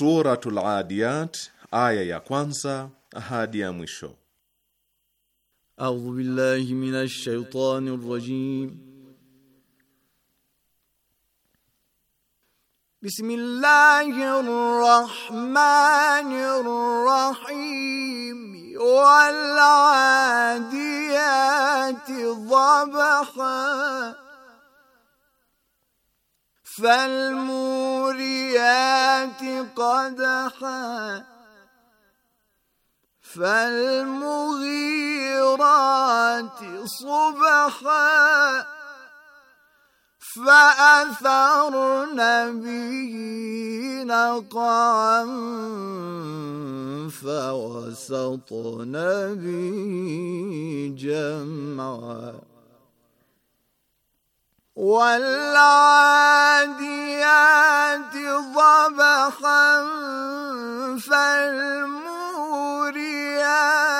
Suratul Adiyat aya ya kwanza hadi ya mwisho. A'udhu billahi minash shaitani rajim. Bismillahir rahmanir rahim. Wal 'adiyati dhabha. فالمو والموريات قدحا فالمغيرات صبحا فأثرن به نقعا فوسطن به جمعا والعاديات ضبخا فالموريات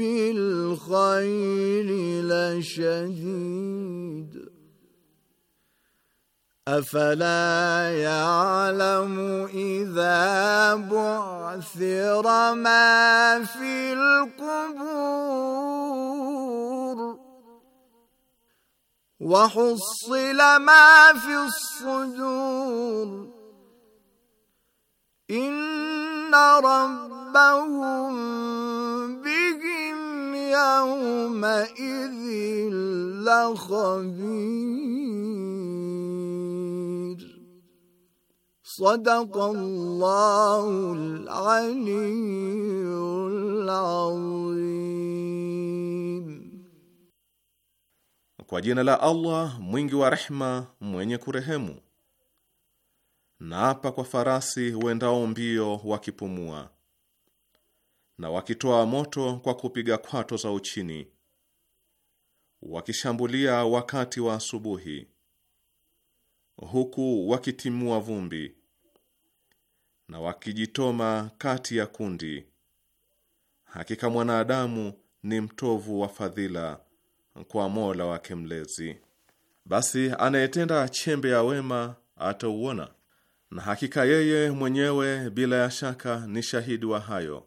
بالخير لشديد أفلا يعلم إذا بعثر ما في القبور وحصل ما في الصدور إن ربهم يومئذ لخبير صدق الله العلي العظيم Kwa jina la Allah mwingi wa rehma mwenye kurehemu. Naapa kwa farasi wendao mbio wakipumua na wakitoa moto kwa kupiga kwato za uchini, wakishambulia wakati wa asubuhi, huku wakitimua vumbi na wakijitoma kati ya kundi. Hakika mwanadamu ni mtovu wa fadhila kwa Mola wake Mlezi. Basi anayetenda chembe ya wema atauona, na hakika yeye mwenyewe bila ya shaka ni shahidi wa hayo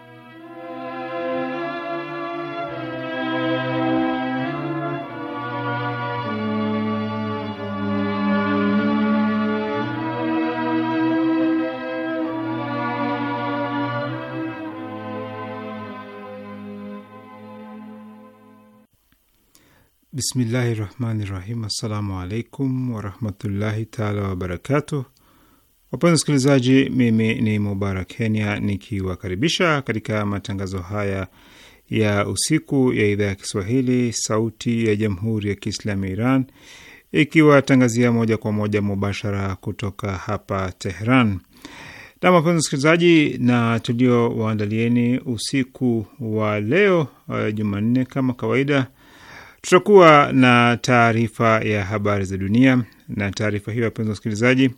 Bismillahi rahmani rahim. Assalamu alaikum warahmatullahi taala wabarakatuh. Wapenzi wasikilizaji, mimi ni Mubarak Kenya nikiwakaribisha katika matangazo haya ya usiku ya idhaa ya Kiswahili sauti ya jamhuri ya Kiislamu ya Iran ikiwatangazia moja kwa moja mubashara kutoka hapa Tehran. Na wapenzi wasikilizaji, na tulio waandalieni usiku wa leo uh, Jumanne kama kawaida Tutakuwa na taarifa ya habari za dunia, na taarifa hiyo, wapenzi wasikilizaji,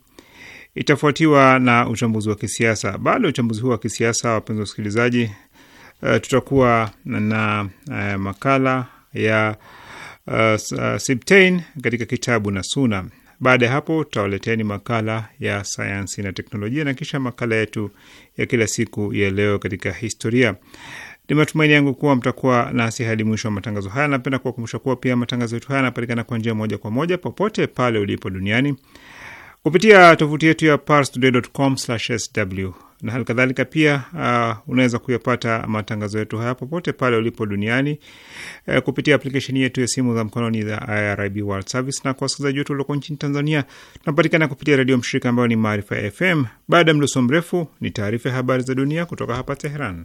itafuatiwa na uchambuzi wa kisiasa. Baada ya uchambuzi huo wa kisiasa, wapenzi wasikilizaji, uh, tutakuwa na uh, makala ya uh, uh, eh, Sibtain katika kitabu na Suna. Baada ya hapo tutawaleteni makala ya sayansi na teknolojia na kisha makala yetu ya kila siku ya leo katika historia. Ni matumaini yangu kuwa mtakuwa nasi hadi mwisho wa matangazo haya. Napenda kuwakumbusha kuwa pia matangazo yetu haya yanapatikana kwa njia moja kwa moja popote pale ulipo duniani kupitia tovuti yetu ya parstoday.com/sw na hali kadhalika pia uh, unaweza kuyapata matangazo yetu haya popote pale ulipo duniani uh, kupitia aplikesheni yetu ya simu za mkononi za IRIB World Service. Na kwa wasikilizaji wetu walioko nchini Tanzania, tunapatikana kupitia redio mshirika ambayo ni Maarifa FM. Baada ya mdoso mrefu, ni taarifa ya habari za dunia kutoka hapa Teheran.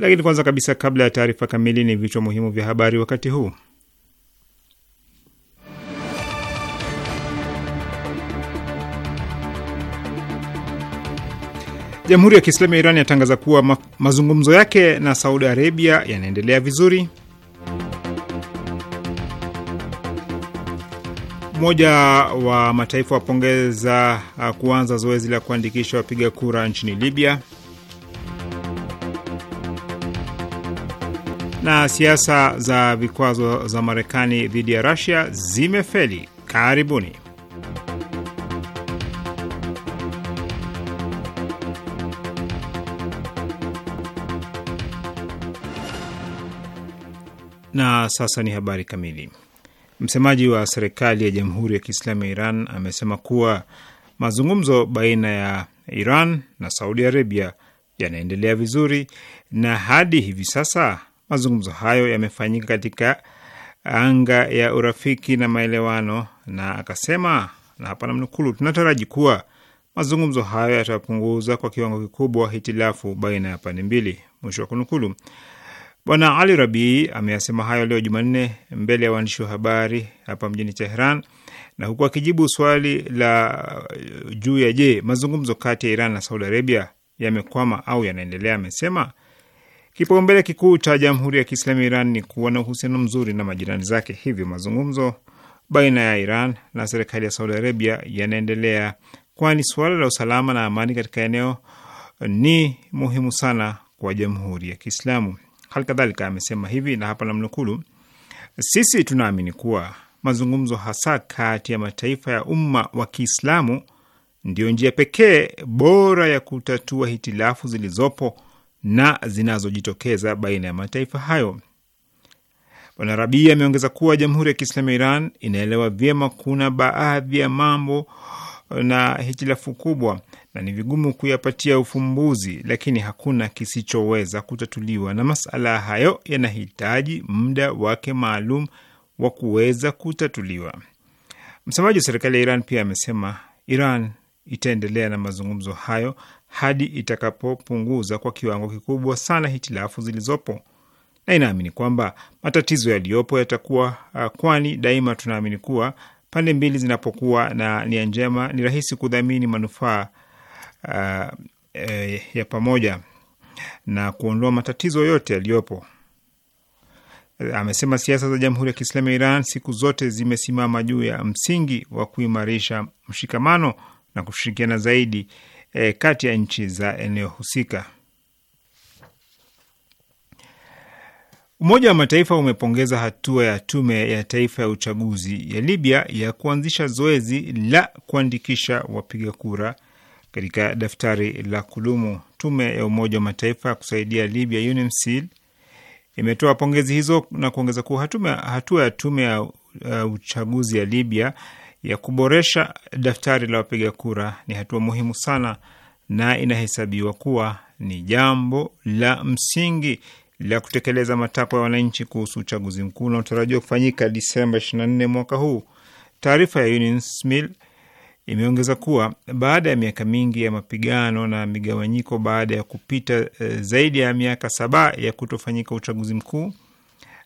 Lakini kwanza kabisa, kabla ya taarifa kamili, ni vichwa muhimu vya habari wakati huu. Jamhuri ya Kiislamu ya Iran yatangaza kuwa ma mazungumzo yake na Saudi Arabia yanaendelea vizuri. Umoja wa Mataifa wapongeza uh, kuanza zoezi la kuandikisha wapiga kura nchini Libya. na siasa za vikwazo za Marekani dhidi ya Rusia zimefeli. Karibuni. Na sasa ni habari kamili. Msemaji wa serikali ya Jamhuri ya Kiislamu ya Iran amesema kuwa mazungumzo baina ya Iran na Saudi Arabia yanaendelea vizuri na hadi hivi sasa Mazungumzo hayo yamefanyika katika anga ya urafiki na maelewano, na akasema, na hapa namnukuu, tunataraji kuwa mazungumzo hayo yatapunguza kwa kiwango kikubwa hitilafu baina ya pande mbili, mwisho wa kunukulu. Bwana Ali Rabii ameyasema hayo leo Jumanne mbele ya waandishi wa habari hapa mjini Teheran, na huku akijibu swali la juu ya je, mazungumzo kati ya Iran na Saudi Arabia yamekwama au yanaendelea, amesema Kipaumbele kikuu cha Jamhuri ya Kiislamu ya Iran ni kuwa na uhusiano mzuri na majirani zake, hivyo mazungumzo baina ya Iran na serikali ya Saudi Arabia yanaendelea, kwani suala la usalama na amani katika eneo ni muhimu sana kwa Jamhuri ya Kiislamu. Hali kadhalika amesema hivi, na hapa namnukulu: sisi tunaamini kuwa mazungumzo hasa kati ya mataifa ya umma wa Kiislamu ndiyo njia pekee bora ya kutatua hitilafu zilizopo na zinazojitokeza baina ya mataifa hayo. Bwana Rabii ameongeza kuwa Jamhuri ya Kiislamu ya Iran inaelewa vyema kuna baadhi ya mambo eh, na hitilafu kubwa na ni vigumu kuyapatia ufumbuzi, lakini hakuna kisichoweza kutatuliwa, na masala hayo yanahitaji muda wake maalum wa kuweza kutatuliwa. Msemaji wa serikali ya Iran pia amesema Iran itaendelea na mazungumzo hayo hadi itakapopunguza kwa kiwango kikubwa sana hitilafu zilizopo, na inaamini kwamba matatizo yaliyopo yatakuwa uh, kwani daima tunaamini kuwa pande mbili zinapokuwa na nia njema ni rahisi kudhamini manufaa uh, eh, ya pamoja na kuondoa matatizo yote yaliyopo. Amesema siasa za Jamhuri ya Kiislamu ya Iran siku zote zimesimama juu ya msingi wa kuimarisha mshikamano na kushirikiana zaidi e, kati ya nchi za eneo husika. Umoja wa Mataifa umepongeza hatua ya tume ya taifa ya uchaguzi ya Libya ya kuanzisha zoezi la kuandikisha wapiga kura katika daftari la kudumu. Tume ya Umoja wa Mataifa ya kusaidia Libya, UNSMIL, imetoa pongezi hizo na kuongeza kuwa hatua ya tume ya uchaguzi ya Libya ya kuboresha daftari la wapiga kura ni hatua muhimu sana na inahesabiwa kuwa ni jambo la msingi la kutekeleza matakwa ya wananchi kuhusu uchaguzi mkuu unaotarajiwa kufanyika Disemba 24 mwaka huu. Taarifa ya UNSMIL imeongeza kuwa baada ya miaka mingi ya mapigano na migawanyiko, baada ya kupita eh, zaidi ya miaka saba ya kutofanyika uchaguzi mkuu,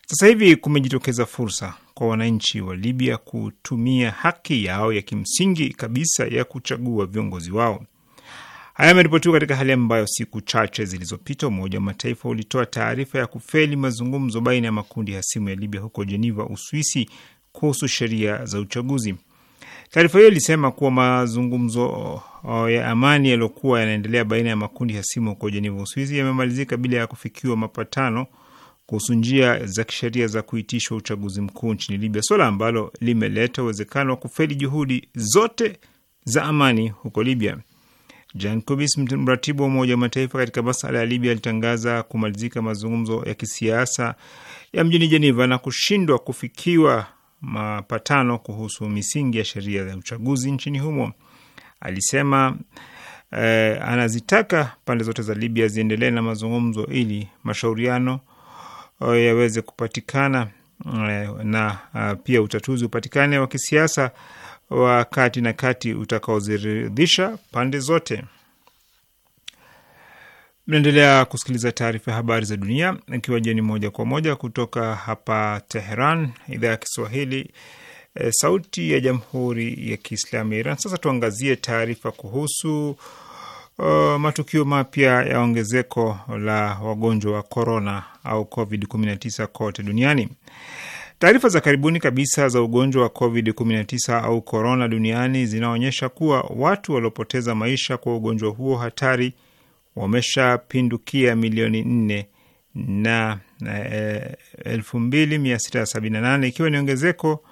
sasa hivi kumejitokeza fursa kwa wananchi wa Libya kutumia haki yao ya kimsingi kabisa ya kuchagua viongozi wao. Haya yameripotiwa katika hali ambayo siku chache zilizopita Umoja wa Mataifa ulitoa taarifa ya kufeli mazungumzo baina ya makundi hasimu ya Libya huko Jeneva, Uswisi, kuhusu sheria za uchaguzi. Taarifa hiyo ilisema kuwa mazungumzo uh, ya amani yaliyokuwa yanaendelea baina ya makundi hasimu huko Jeneva, Uswisi yamemalizika bila ya kufikiwa mapatano kuhusu njia za kisheria za kuitishwa uchaguzi mkuu nchini Libya, swala ambalo limeleta uwezekano wa kufeli juhudi zote za amani huko Libya. Jan Kubis, mratibu wa Umoja wa Mataifa katika masala ya Libya, alitangaza kumalizika mazungumzo ya kisiasa ya mjini Jeneva na kushindwa kufikiwa mapatano kuhusu misingi ya sheria za uchaguzi nchini humo. Alisema eh, anazitaka pande zote za Libya ziendelee na mazungumzo ili mashauriano Uh, yaweze kupatikana uh, na uh, pia utatuzi upatikane wa kisiasa wa kati na kati utakaoziridhisha pande zote. Mnaendelea kusikiliza taarifa ya habari za dunia ikiwa jeni moja kwa moja kutoka hapa Teheran, idhaa ya Kiswahili, eh, sauti ya jamhuri ya kiislamu ya Iran. Sasa tuangazie taarifa kuhusu uh, matukio mapya ya ongezeko la wagonjwa wa korona au covid-19 kote duniani. Taarifa za karibuni kabisa za ugonjwa wa covid-19 au korona duniani zinaonyesha kuwa watu waliopoteza maisha kwa ugonjwa huo hatari wameshapindukia milioni nne na e, elfu mbili mia sita sabini na nane ikiwa ni ongezeko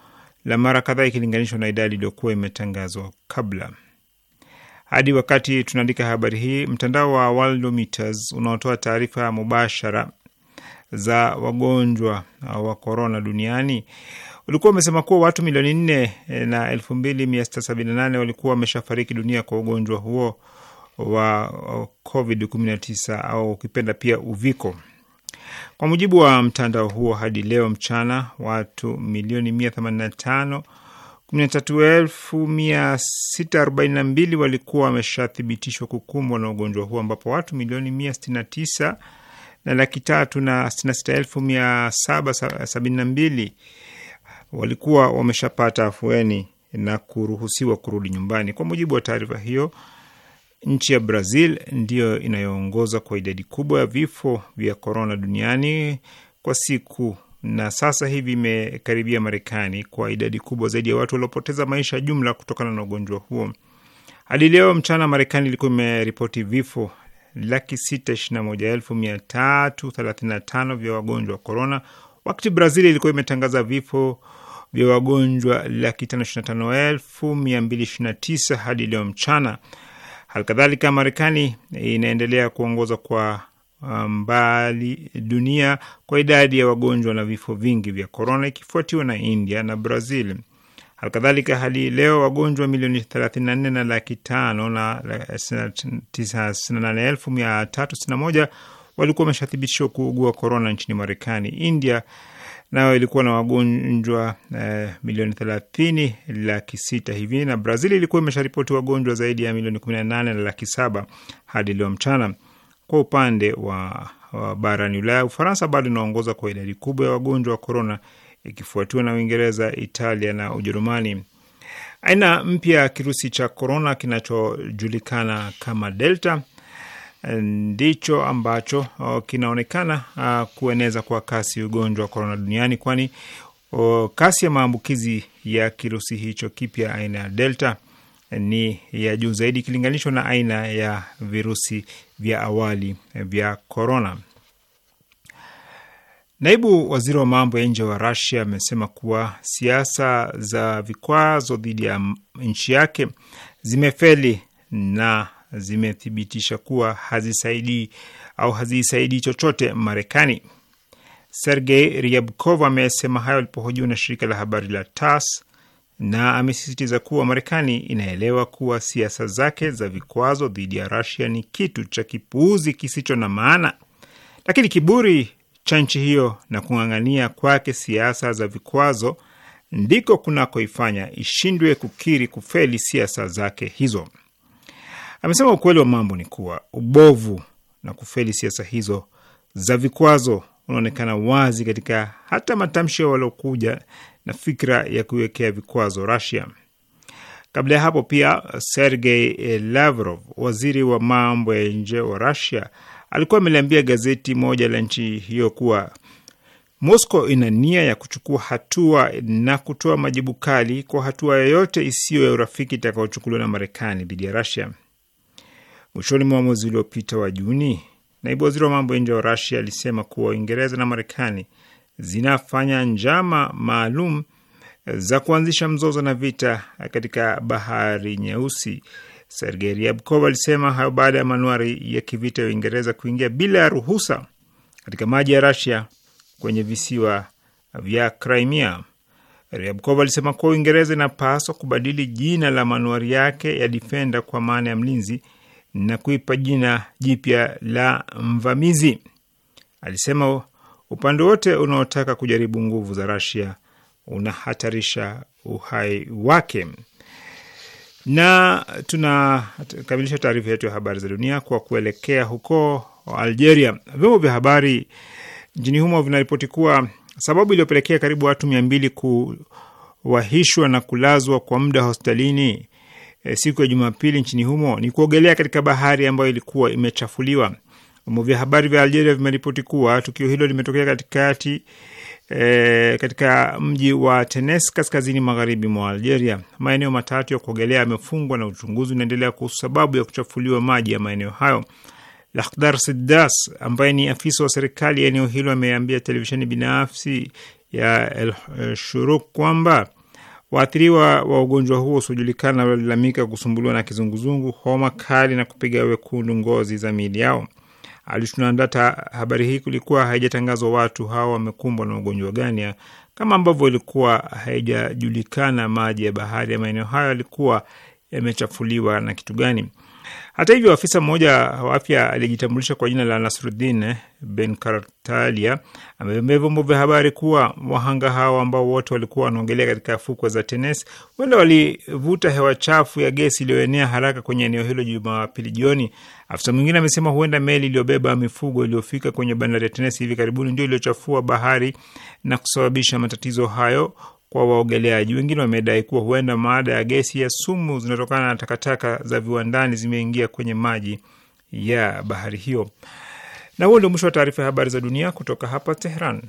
la mara kadhaa ikilinganishwa na idadi iliyokuwa imetangazwa kabla. Hadi wakati tunaandika habari hii, mtandao wa Worldometers unaotoa taarifa mubashara za wagonjwa wa korona duniani ulikuwa umesema kuwa watu milioni nne eh, na elfu mbili mia sita sabini na nane walikuwa wameshafariki dunia kwa ugonjwa huo wa COVID-19 au ukipenda pia uviko. Kwa mujibu wa mtandao huo, hadi leo mchana watu milioni mia themanini na tano 13642 walikuwa wameshathibitishwa kukumbwa na ugonjwa huo ambapo watu milioni 169 na laki tatu na 66772 walikuwa wameshapata afueni na kuruhusiwa kurudi nyumbani. Kwa mujibu wa taarifa hiyo, nchi ya Brazil ndiyo inayoongoza kwa idadi kubwa ya vifo vya korona duniani kwa siku na sasa hivi imekaribia Marekani kwa idadi kubwa zaidi ya watu waliopoteza maisha jumla kutokana na ugonjwa huo. Hadi leo mchana, Marekani ilikuwa imeripoti vifo laki sita ishirini na moja elfu mia tatu thelathini na tano vya wagonjwa wa korona, wakati Brazil ilikuwa imetangaza vifo vya wagonjwa laki tano ishirini na tano elfu mia mbili ishirini na tisa hadi leo mchana. Halikadhalika, Marekani inaendelea kuongoza kwa mbali dunia kwa idadi ya wagonjwa na vifo vingi vya korona ikifuatiwa na India na Brazil. Halikadhalika, hadi leo wagonjwa milioni 34 na laki tano na 98361 walikuwa wameshathibitishwa kuugua korona nchini Marekani. India nayo ilikuwa na wagonjwa eh, milioni 30 laki sita hivi, na Brazil ilikuwa imesharipoti wagonjwa zaidi ya milioni 18 na laki saba hadi leo mchana. Kwa upande wa, wa barani Ulaya, Ufaransa bado inaongoza kwa idadi kubwa ya wagonjwa wa korona ikifuatiwa na Uingereza, Italia na Ujerumani. Aina mpya ya kirusi cha korona kinachojulikana kama Delta eh, ndicho ambacho kinaonekana ah, kueneza kwa kasi ugonjwa wa korona duniani, kwani kasi ya maambukizi ya kirusi hicho kipya aina ya Delta eh, ni ya juu zaidi ikilinganishwa na aina ya virusi vya awali eh, vya korona. Naibu waziri wa mambo ya nje wa Rasia amesema kuwa siasa za vikwazo dhidi ya nchi yake zimefeli na zimethibitisha kuwa hazisaidii au hazisaidii chochote Marekani. Sergei Ryabkov amesema hayo alipohojiwa na shirika la habari la TASS na amesisitiza kuwa Marekani inaelewa kuwa siasa zake za vikwazo dhidi ya Rusia ni kitu cha kipuuzi kisicho na maana, lakini kiburi cha nchi hiyo na kung'ang'ania kwake siasa za vikwazo ndiko kunakoifanya ishindwe kukiri kufeli siasa zake hizo. Amesema ukweli wa mambo ni kuwa ubovu na kufeli siasa hizo za vikwazo unaonekana wazi katika hata matamshi ya waliokuja na fikra ya kuiwekea vikwazo Rusia. Kabla ya hapo pia, Sergei Lavrov, waziri wa mambo ya nje wa Rusia, alikuwa ameliambia gazeti moja la nchi hiyo kuwa Moscow ina nia ya kuchukua hatua na kutoa majibu kali kwa hatua yoyote isiyo ya urafiki itakayochukuliwa na Marekani dhidi ya Rusia. Mwishoni mwa mwezi uliopita wa Juni, naibu waziri wa mambo ya nje wa Rusia alisema kuwa Uingereza na Marekani zinafanya njama maalum za kuanzisha mzozo na vita katika bahari Nyeusi. Sergei Ryabkov alisema hayo baada ya manuari ya kivita ya Uingereza kuingia bila ya ruhusa katika maji ya Rasia kwenye visiwa vya Crimea. Ryabkov alisema kuwa Uingereza inapaswa kubadili jina la manuari yake ya Defender kwa maana ya mlinzi na kuipa jina jipya la mvamizi. Alisema Upande wote unaotaka kujaribu nguvu za Rasia unahatarisha uhai wake. Na tunakamilisha taarifa yetu ya habari za dunia kwa kuelekea huko Algeria. Vyombo vya habari nchini humo vinaripoti kuwa sababu iliyopelekea karibu watu mia mbili kuwahishwa na kulazwa kwa muda hospitalini eh, siku ya Jumapili nchini humo ni kuogelea katika bahari ambayo ilikuwa imechafuliwa. Vyombo vya habari vya Algeria vimeripoti kuwa tukio hilo limetokea katikati E, katika mji wa Tenes kaskazini magharibi mwa Algeria. Maeneo matatu ya kuogelea yamefungwa na uchunguzi unaendelea kuhusu sababu ya kuchafuliwa maji ya maeneo hayo. Lakhdar Siddas ambaye ni afisa wa serikali ya eneo hilo ameambia televisheni binafsi ya El Shuruk kwamba waathiriwa wa ugonjwa huo usiojulikana walilalamika kusumbuliwa na kizunguzungu, homa kali na kupiga wekundu ngozi za miili yao alitunaandata habari hii, kulikuwa haijatangazwa watu hawa wamekumbwa na ugonjwa gani, kama ambavyo ilikuwa haijajulikana maji ya bahari ya maeneo hayo yalikuwa yamechafuliwa na kitu gani. Hata hivyo, afisa mmoja wa afya aliyejitambulisha kwa jina la nasrudin Ben Kartalia ameviambia vyombo vya habari kuwa wahanga hao ambao wote walikuwa wanaongelea katika fukwe za Tenes huenda walivuta hewa chafu ya gesi iliyoenea haraka kwenye eneo hilo Jumapili jioni. Afisa mwingine amesema huenda meli iliyobeba mifugo iliyofika kwenye bandari ya Tenes hivi karibuni ndio iliyochafua bahari na kusababisha matatizo hayo, kwa waogeleaji. Wengine wamedai kuwa huenda maada ya gesi ya sumu zinatokana na takataka za viwandani zimeingia kwenye maji ya bahari hiyo. Na huo ndio mwisho wa taarifa ya habari za dunia kutoka hapa Tehran.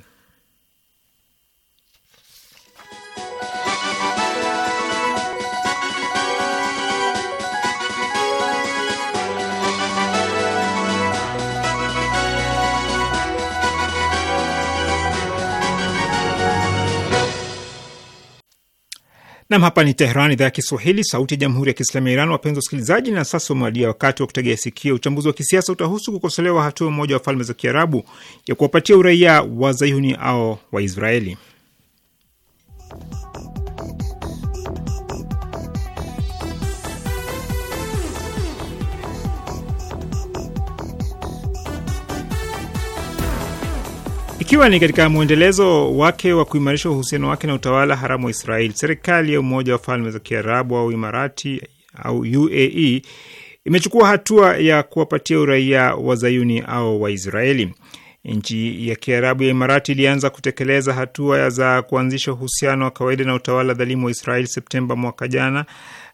Nam, hapa ni Teheran, idhaa ya Kiswahili, sauti ya jamhuri ya kiislamu ya Iran. Wapenzi wasikilizaji, na sasa umewadia wakati wa kutegea sikio. Uchambuzi wa kisiasa utahusu kukosolewa hatua mmoja wa falme za Kiarabu ya kuwapatia uraia wa zayuni au Waisraeli. Ikiwa ni katika mwendelezo wake wa kuimarisha uhusiano wake na utawala haramu wa Israeli, serikali ya Umoja wa Falme za Kiarabu au Imarati au UAE imechukua hatua ya kuwapatia uraia wa zayuni au Waisraeli. Nchi ya Kiarabu ya Imarati ilianza kutekeleza hatua za kuanzisha uhusiano wa kawaida na utawala dhalimu wa Israeli Septemba mwaka jana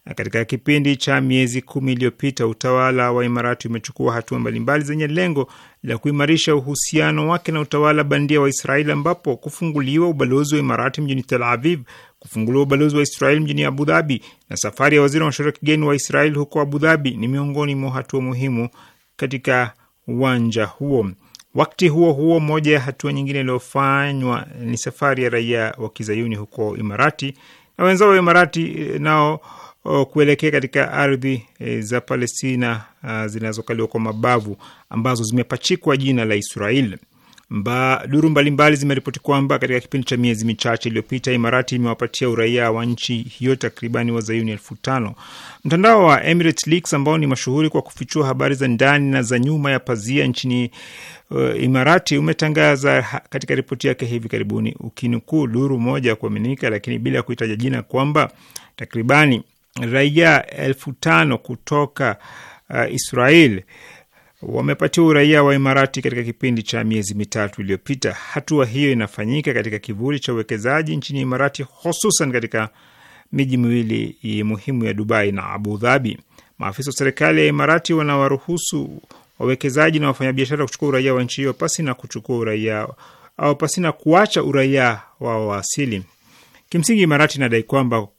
na Katika kipindi cha miezi kumi iliyopita, utawala wa Imarati umechukua hatua mbalimbali zenye lengo la kuimarisha uhusiano wake na utawala bandia wa Israeli, ambapo kufunguliwa ubalozi wa Imarati mjini Tel Aviv, kufunguliwa ubalozi wa Israeli mjini Abu Dhabi na safari ya waziri wa mashauri ya kigeni wa Israeli huko Abu Dhabi ni miongoni mwa hatua muhimu katika uwanja huo. Wakati huo huo, moja ya hatua nyingine iliyofanywa ni safari ya raia wa kizayuni huko Imarati na wenzao wa Imarati eh, nao kuelekea katika ardhi e, za Palestina zinazokaliwa kwa mabavu ambazo zimepachikwa jina la Israel. Mba, duru mbalimbali zimeripoti kwamba katika kipindi cha miezi michache iliyopita Imarati imewapatia uraia wa nchi hiyo takribani wazayuni elfu tano. Mtandao wa Emirates Leaks ambao ni mashuhuri kwa kufichua habari za ndani na za nyuma ya pazia nchini uh, Imarati umetangaza katika ripoti yake hivi karibuni ukinukuu duru moja ya kuaminika, lakini bila kuitaja jina kwamba takribani raia elfu tano kutoka uh, Israel wamepatiwa uraia wa Imarati katika kipindi cha miezi mitatu iliyopita. Hatua hiyo inafanyika katika kivuli cha uwekezaji nchini Imarati, hususan katika miji miwili muhimu ya Dubai na Abu Dhabi. Maafisa wa serikali ya Imarati wanawaruhusu wawekezaji na wafanyabiashara kuchukua uraia wa nchi hiyo pasi na kuchukua uraia au pasi na kuacha uraia wao wa asili. Kimsingi, Imarati inadai kwamba uh,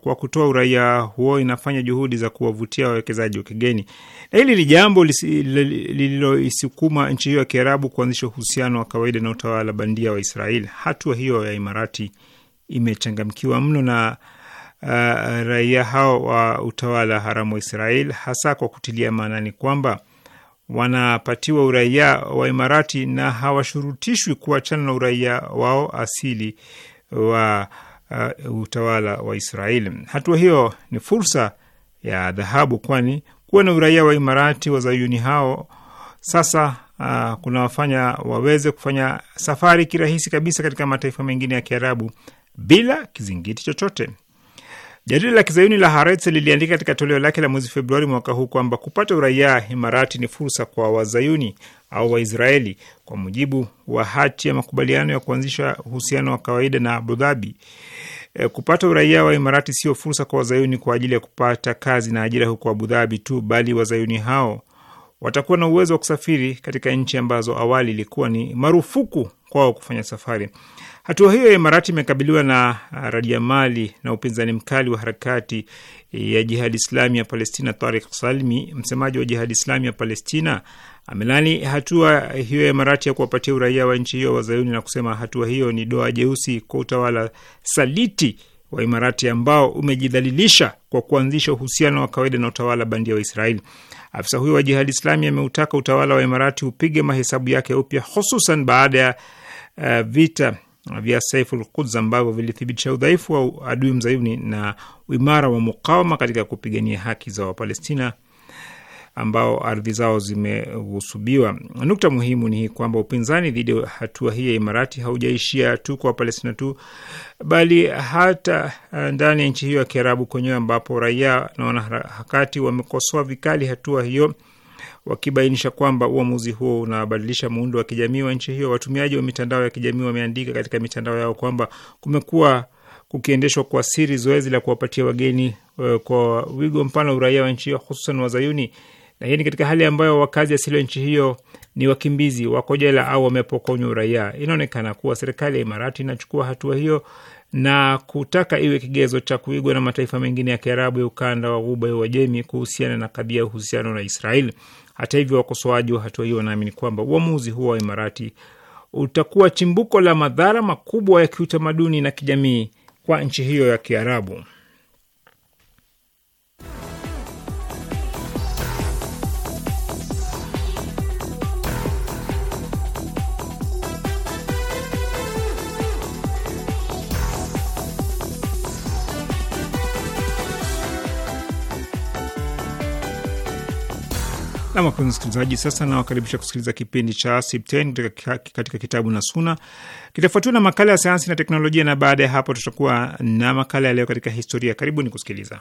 kwa kutoa uraia huo inafanya juhudi za kuwavutia wawekezaji wa kigeni, na hili ni jambo lililoisukuma nchi hiyo ya Kiarabu kuanzisha uhusiano wa kawaida na utawala bandia wa Israeli. Hatua hiyo ya Imarati imechangamkiwa mno na uh, raia hao wa utawala haramu wa israel hasa kwa kutilia maanani kwamba wanapatiwa uraia wa Imarati na hawashurutishwi kuachana na uraia wao asili wa uh, utawala wa Israeli. Hatua hiyo ni fursa ya dhahabu, kwani kuwa na uraia wa Imarati wa zayuni hao sasa uh, kuna wafanya waweze kufanya safari kirahisi kabisa katika mataifa mengine ya Kiarabu bila kizingiti chochote. Jarida la kizayuni la Haaretz liliandika katika toleo lake la mwezi Februari mwaka huu kwamba kupata uraia Imarati ni fursa kwa wazayuni au Waisraeli kwa mujibu wa hati ya makubaliano ya kuanzisha uhusiano wa kawaida na Abu Dhabi Uh, E, kupata uraia wa Imarati sio fursa kwa wazayuni kwa ajili ya kupata kazi na ajira huko Abu Dhabi tu, bali wazayuni hao watakuwa na uwezo wa kusafiri katika nchi ambazo awali ilikuwa ni marufuku kwao kufanya safari. Hatua hiyo ya Imarati imekabiliwa na uh, radiamali na upinzani mkali wa harakati eh, ya Jihadi Islami ya Palestina. Tarik Salmi, msemaji wa Jihadi Islami ya Palestina, amelani hatua hiyo ya Imarati ya kuwapatia uraia wa nchi hiyo Wazayuni na kusema hatua hiyo ni doa jeusi kwa utawala saliti wa Imarati ambao umejidhalilisha kwa kuanzisha uhusiano wa kawaida na utawala bandia wa Israeli. Afisa huyo wa Jihadi Islami ameutaka utawala wa Imarati upige mahesabu yake upya, hususan baada ya uh, vita vya Saiful Quds ambavyo vilithibitisha udhaifu wa adui mzayuni na uimara wa mukawama katika kupigania haki za Wapalestina ambao ardhi zao zimeghusubiwa. Nukta muhimu ni hii kwamba upinzani dhidi ya hatua hii ya Imarati haujaishia tu kwa Wapalestina tu, bali hata eh, ndani ya nchi hiyo ya Kiarabu kwenyewe ambapo raia na wanaharakati wamekosoa vikali hatua hiyo wakibainisha kwamba uamuzi huo unabadilisha muundo wa kijamii wa nchi hiyo. Watumiaji wa mitandao ya kijamii wameandika katika mitandao yao kwamba kumekuwa kukiendeshwa kwa siri zoezi la kuwapatia wageni eh, kwa wigo mpana uraia wa nchi hiyo, hususan Wazayuni, na hii ni katika hali ambayo wakazi asili wa nchi hiyo ni wakimbizi, wako jela au wamepokonywa uraia. Inaonekana kuwa serikali ya Imarati inachukua hatua hiyo na kutaka iwe kigezo cha kuigwa na mataifa mengine ya Kiarabu ya ukanda wa Ghuba ya Uajemi kuhusiana na kadhia ya uhusiano na Israel. Hata hivyo, wakosoaji wa hatua hiyo wanaamini kwamba uamuzi huo wa Imarati utakuwa chimbuko la madhara makubwa ya kiutamaduni na kijamii kwa nchi hiyo ya Kiarabu. Nam, wapenzi msikilizaji, sasa nawakaribisha kusikiliza kipindi cha Sipteni katika, katika kitabu na Suna. Kitafuatiwa na makala ya sayansi na teknolojia, na baada ya hapo tutakuwa na makala ya leo katika historia. Karibuni kusikiliza.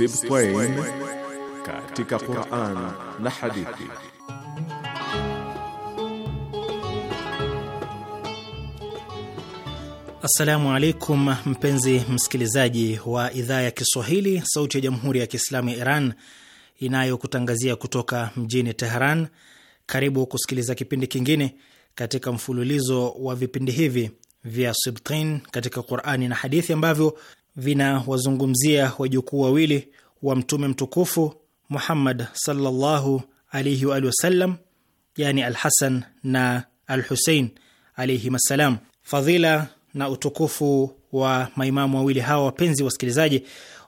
Sibtain katika Qur'an na hadithi. Assalamu alaikum mpenzi msikilizaji wa idhaa ya Kiswahili sauti ya Jamhuri ya Kiislamu ya Iran inayokutangazia kutoka mjini Tehran. Karibu kusikiliza kipindi kingine katika mfululizo wa vipindi hivi vya sibtin katika Qur'ani na hadithi ambavyo vinawazungumzia wajukuu wawili wa Mtume mtukufu Muhammad sallallahu alaihi wa alihi wasallam, yani Alhasan na Alhusein alaihim assalam. Fadhila na utukufu wa maimamu wawili hawa, wapenzi wasikilizaji,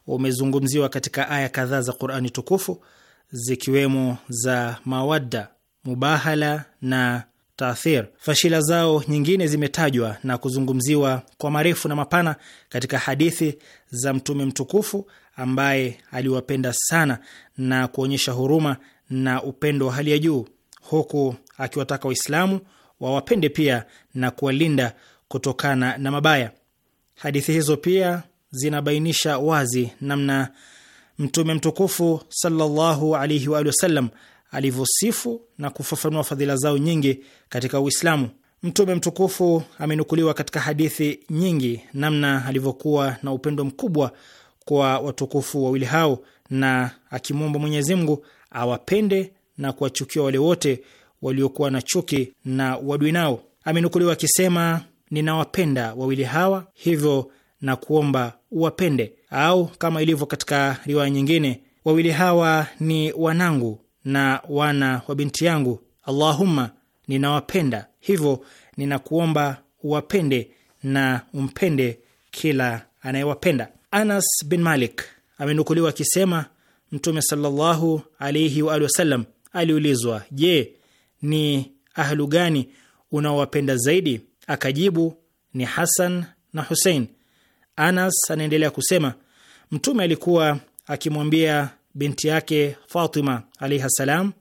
umezungumziwa katika aya kadhaa za Qurani tukufu zikiwemo za mawadda, mubahala na Taathir. Fashila zao nyingine zimetajwa na kuzungumziwa kwa marefu na mapana katika hadithi za Mtume mtukufu ambaye aliwapenda sana na kuonyesha huruma na upendo wa hali ya juu, huku akiwataka Waislamu wawapende pia na kuwalinda kutokana na mabaya. Hadithi hizo pia zinabainisha wazi namna Mtume mtukufu sallallahu alaihi wa wasallam alivyosifu na kufafanua fadhila zao nyingi katika Uislamu. Mtume mtukufu amenukuliwa katika hadithi nyingi namna alivyokuwa na upendo mkubwa kwa watukufu wawili hao, na akimwomba Mwenyezi Mungu awapende na kuwachukia wale wote waliokuwa na chuki na wadui nao. Amenukuliwa akisema, ninawapenda wawili hawa, hivyo na kuomba uwapende, au kama ilivyo katika riwaya nyingine, wawili hawa ni wanangu na wana wa binti yangu. Allahumma, ninawapenda hivyo, ninakuomba uwapende na umpende kila anayewapenda. Anas bin Malik amenukuliwa akisema Mtume sallallahu alaihi wa alihi wasallam aliulizwa, je, ni ahlu gani unaowapenda zaidi? Akajibu, ni Hasan na Husein. Anas anaendelea kusema, Mtume alikuwa akimwambia binti yake Fatima alaihi salam,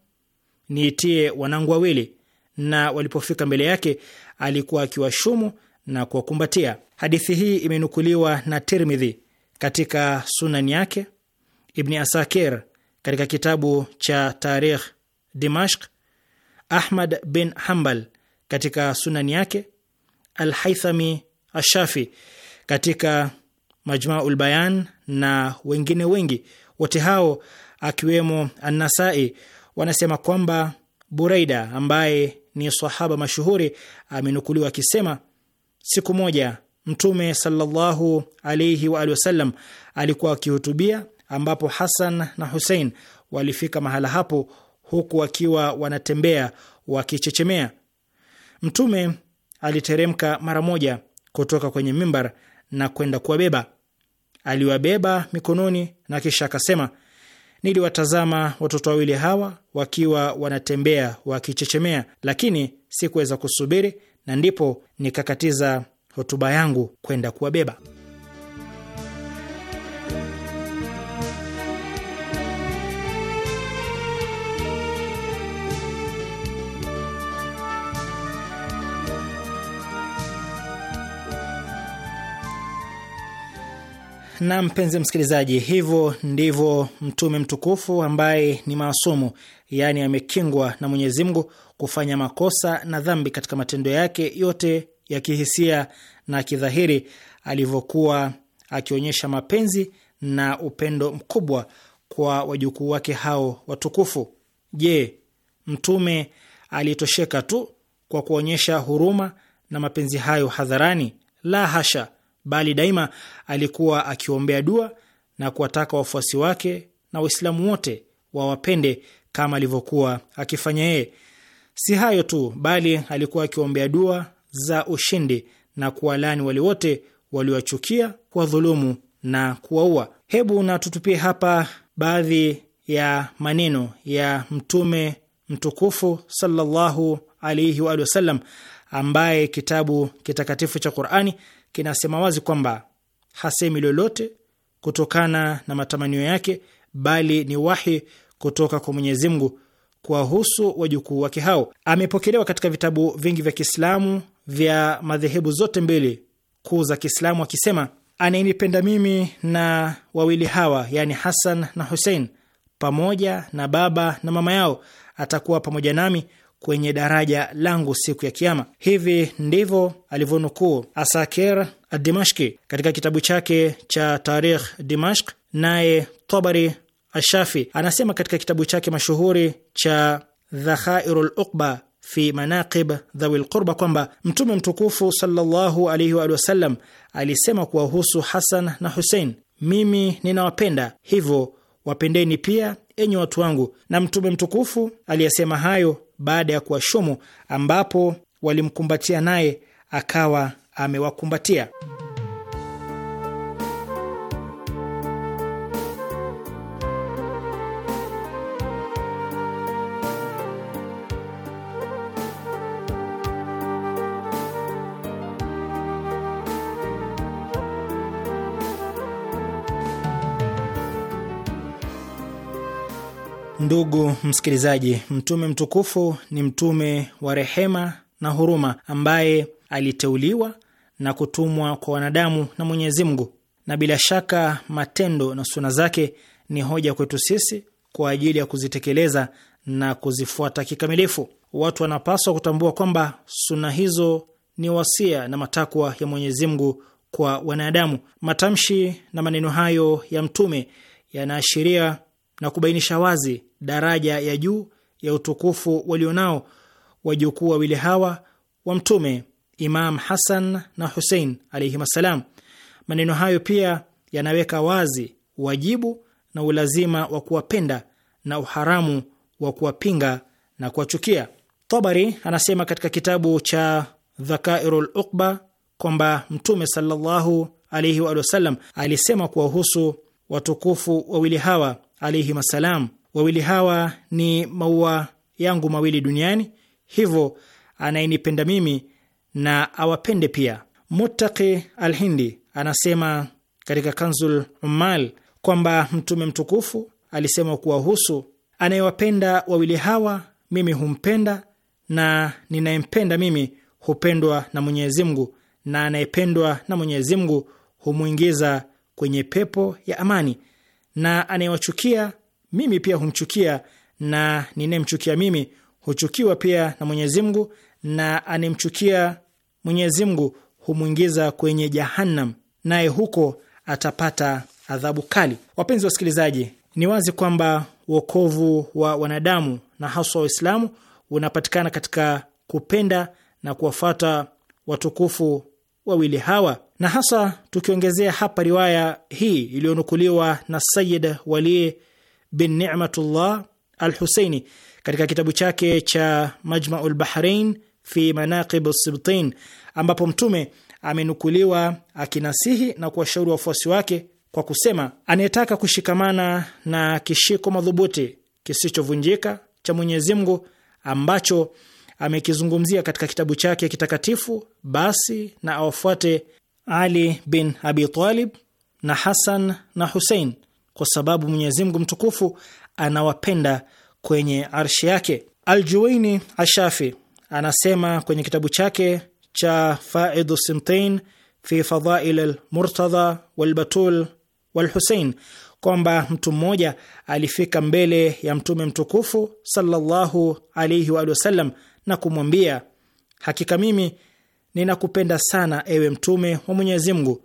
niitie wanangu wawili, na walipofika mbele yake alikuwa akiwashumu na kuwakumbatia. Hadithi hii imenukuliwa na Tirmidhi katika sunan yake, Ibni Asakir katika kitabu cha Tarikh Dimashq, Ahmad bin Hambal katika sunan yake, Alhaithami Ashafi katika Majmaul Bayan na wengine wengi wote hao akiwemo Anasai wanasema kwamba Buraida ambaye ni sahaba mashuhuri amenukuliwa akisema, siku moja Mtume sallallahu alaihi wa alihi wasallam alikuwa akihutubia, ambapo Hasan na Husein walifika mahala hapo, huku wakiwa wanatembea wakichechemea. Mtume aliteremka mara moja kutoka kwenye mimbar na kwenda kuwabeba aliwabeba mikononi na kisha akasema, niliwatazama watoto wawili hawa wakiwa wanatembea wakichechemea, lakini sikuweza kusubiri, na ndipo nikakatiza hotuba yangu kwenda kuwabeba. Na mpenzi msikilizaji, hivyo ndivyo mtume mtukufu ambaye ni maasumu, yaani amekingwa na Mwenyezi Mungu kufanya makosa na dhambi katika matendo yake yote ya kihisia na kidhahiri, alivyokuwa akionyesha mapenzi na upendo mkubwa kwa wajukuu wake hao watukufu. Je, mtume alitosheka tu kwa kuonyesha huruma na mapenzi hayo hadharani? La hasha! bali daima alikuwa akiombea dua na kuwataka wafuasi wake na Waislamu wote wawapende kama alivyokuwa akifanya yeye. Si hayo tu, bali alikuwa akiombea dua za ushindi na kuwalani wale wote waliowachukia, kuwadhulumu na kuwaua. Hebu na tutupie hapa baadhi ya maneno ya Mtume mtukufu sallallahu alaihi wa wasallam ambaye kitabu kitakatifu cha Qurani kinasema wazi kwamba hasemi lolote kutokana na matamanio yake, bali ni wahi kutoka kwa Mwenyezi Mungu kuwahusu wajukuu wake hao. Amepokelewa katika vitabu vingi vya Kiislamu vya madhehebu zote mbili kuu za Kiislamu akisema, anayenipenda mimi na wawili hawa, yani Hasan na Husein, pamoja na baba na mama yao, atakuwa pamoja nami kwenye daraja langu siku ya Kiama. Hivi ndivyo alivyonukuu Asakir Adimashki katika kitabu chake cha Tarikh dimashk Naye Tabari Ashafi anasema katika kitabu chake mashuhuri cha Dhakhairu Luqba fi manaqib dhawi lqurba kwamba Mtume mtukufu sallallahu alaihi wa sallam alisema kuwahusu Hasan na Husein, mimi ninawapenda hivyo wapendeni pia enyi watu wangu. Na Mtume mtukufu aliyesema hayo baada ya kuwashumu, ambapo walimkumbatia naye akawa amewakumbatia. Ndugu msikilizaji, mtume mtukufu ni mtume wa rehema na huruma ambaye aliteuliwa na kutumwa kwa wanadamu na Mwenyezi Mungu, na bila shaka matendo na suna zake ni hoja kwetu sisi kwa ajili ya kuzitekeleza na kuzifuata kikamilifu. Watu wanapaswa kutambua kwamba suna hizo ni wasia na matakwa ya Mwenyezi Mungu kwa wanadamu. Matamshi na maneno hayo ya mtume yanaashiria na kubainisha wazi daraja ya juu ya utukufu walionao wajukuu wawili hawa wa Mtume, Imam Hasan na Husein alaihim assalam. Maneno hayo pia yanaweka wazi wajibu na ulazima wa kuwapenda na uharamu wa kuwapinga na kuwachukia. Tabari anasema katika kitabu cha Dhakairul Uqba kwamba Mtume sallallahu alaihi wa sallam alisema kuwahusu watukufu wawili hawa alaihim assalam Wawili hawa ni maua yangu mawili duniani, hivyo anayenipenda mimi na awapende pia. Muttaqi Alhindi anasema katika Kanzul Ummal kwamba Mtume mtukufu alisema kuwahusu, anayewapenda wawili hawa mimi humpenda na ninayempenda mimi hupendwa na Mwenyezi Mungu, na anayependwa na Mwenyezi Mungu humwingiza kwenye pepo ya amani, na anayewachukia mimi pia humchukia na ninayemchukia mimi huchukiwa pia na Mwenyezi Mungu na anemchukia Mwenyezi Mungu humwingiza kwenye Jahannam, naye huko atapata adhabu kali. Wapenzi wasikilizaji, ni wazi kwamba wokovu wa wanadamu na haswa Waislamu unapatikana katika kupenda na kuwafuata watukufu wawili hawa, na hasa tukiongezea hapa riwaya hii iliyonukuliwa na Sayid walie bin Nimatullah al Huseini katika kitabu chake cha Majmau lBahrain fi Manaqib Sibtin, ambapo Mtume amenukuliwa akinasihi na kuwashauri wafuasi wake kwa kusema, anayetaka kushikamana na kishiko madhubuti kisichovunjika cha Mwenyezi Mungu ambacho amekizungumzia katika kitabu chake kitakatifu, basi na awafuate Ali bin Abi Talib na Hasan na Husein kwa sababu Mwenyezi Mungu mtukufu anawapenda kwenye arshi yake. Aljuwaini Ashafi anasema kwenye kitabu chake cha Faidu Sintain fi Fadhail lmurtadha Walbatul Walhusein kwamba mtu mmoja alifika mbele ya Mtume mtukufu sallallahu alaihi waalihi wasallam na kumwambia, hakika mimi ninakupenda sana, ewe Mtume wa Mwenyezi Mungu.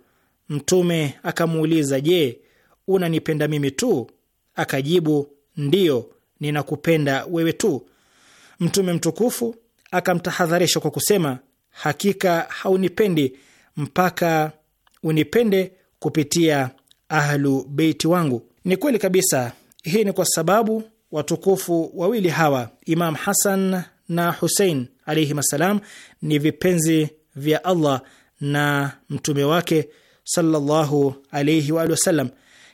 Mtume akamuuliza, je, unanipenda mimi tu? Akajibu, ndiyo, ninakupenda wewe tu. Mtume mtukufu akamtahadharisha kwa kusema, hakika haunipendi mpaka unipende kupitia ahlu beiti wangu. Ni kweli kabisa. Hii ni kwa sababu watukufu wawili hawa Imam Hasan na Husein alaihim assalam ni vipenzi vya Allah na mtume wake sallallahu alaihi waalihi wasallam.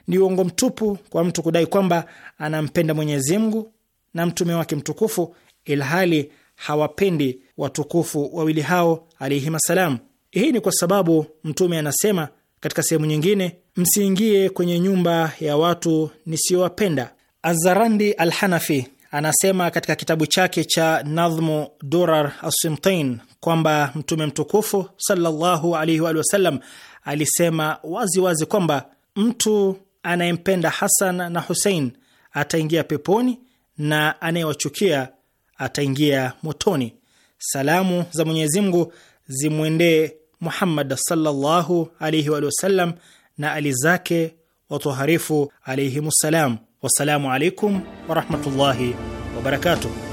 Ni uongo mtupu kwa mtu kudai kwamba anampenda Mwenyezi Mungu na mtume wake mtukufu, ilhali hawapendi watukufu wawili hao alaihima salam. Hii ni kwa sababu mtume anasema katika sehemu nyingine, msiingie kwenye nyumba ya watu nisiyowapenda. Azarandi Alhanafi anasema katika kitabu chake cha Nadhmu Durar Asimtain kwamba mtume mtukufu sallallahu alaihi waalihi wasallam alisema waziwazi wazi kwamba mtu anayempenda Hasan na Husein ataingia peponi na anayewachukia ataingia motoni. Salamu za Mwenyezi Mungu zimwendee Muhammad sallallahu alaihi wa sallam na ali zake watoharifu alaihimussalam. Wassalamu alaikum warahmatullahi wabarakatuh.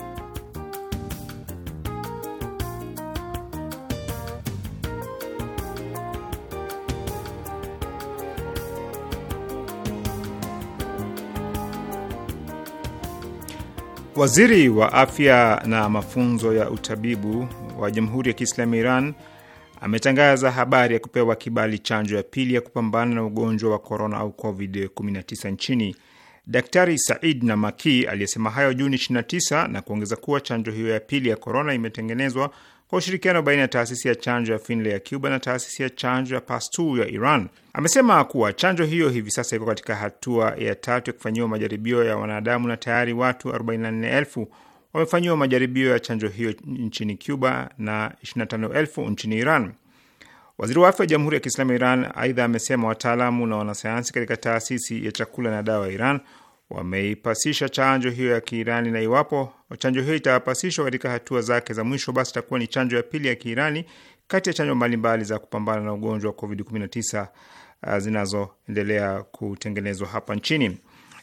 Waziri wa afya na mafunzo ya utabibu wa Jamhuri ya Kiislamu Iran ametangaza habari ya kupewa kibali chanjo ya pili ya kupambana na ugonjwa wa korona au COVID-19 nchini. Daktari Said Namaki aliyesema hayo Juni 29 na kuongeza kuwa chanjo hiyo ya pili ya korona imetengenezwa kwa ushirikiano baina ya taasisi ya chanjo ya Finlay ya Cuba na taasisi ya chanjo ya Pasteur ya Iran. Amesema kuwa chanjo hiyo hivi sasa iko katika hatua ya tatu ya kufanyiwa majaribio ya wanadamu na tayari watu 44,000 wamefanyiwa majaribio ya chanjo hiyo nchini Cuba na 25,000 nchini Iran. Waziri wa afya wa Jamhuri ya Kiislamu ya Iran aidha amesema wataalamu na wanasayansi katika taasisi ya chakula na dawa ya Iran wameipasisha chanjo hiyo ya Kiirani, na iwapo chanjo hiyo itapasishwa katika hatua zake za mwisho, basi itakuwa ni chanjo ya pili ya Kiirani kati ya chanjo mbalimbali za kupambana na ugonjwa wa COVID-19 uh, zinazoendelea kutengenezwa hapa nchini.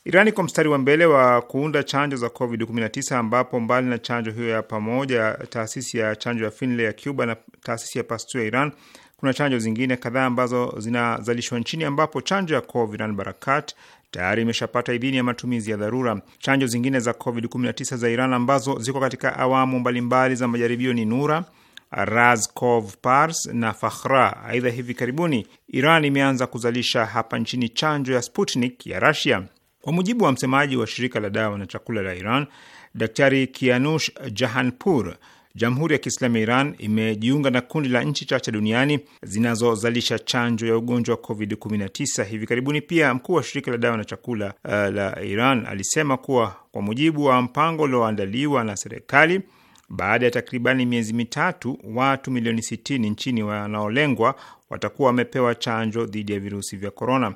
Irani kwa mstari wa mbele wa kuunda chanjo za COVID-19 ambapo mbali na chanjo hiyo ya pamoja, taasisi ya chanjo ya Finlay ya Cuba na taasisi ya Pasteur ya Iran, kuna chanjo zingine kadhaa ambazo zinazalishwa nchini, ambapo chanjo ya Coviran Barakat tayari imeshapata idhini ya matumizi ya dharura. Chanjo zingine za COVID-19 za Iran ambazo ziko katika awamu mbalimbali za majaribio ni Nura, Razcov Pars na Fakhra. Aidha, hivi karibuni Iran imeanza kuzalisha hapa nchini chanjo ya Sputnik ya Rasia. Kwa mujibu wa msemaji wa shirika la dawa na chakula la Iran, Daktari Kianush Jahanpur, Jamhuri ya Kiislamu ya Iran imejiunga na kundi la nchi chache duniani zinazozalisha chanjo ya ugonjwa wa COVID-19 hivi karibuni. Pia mkuu wa shirika la dawa na chakula uh, la Iran alisema kuwa kwa mujibu wa mpango ulioandaliwa na serikali, baada ya takribani miezi mitatu, watu milioni 60 nchini wanaolengwa watakuwa wamepewa chanjo dhidi ya virusi vya korona.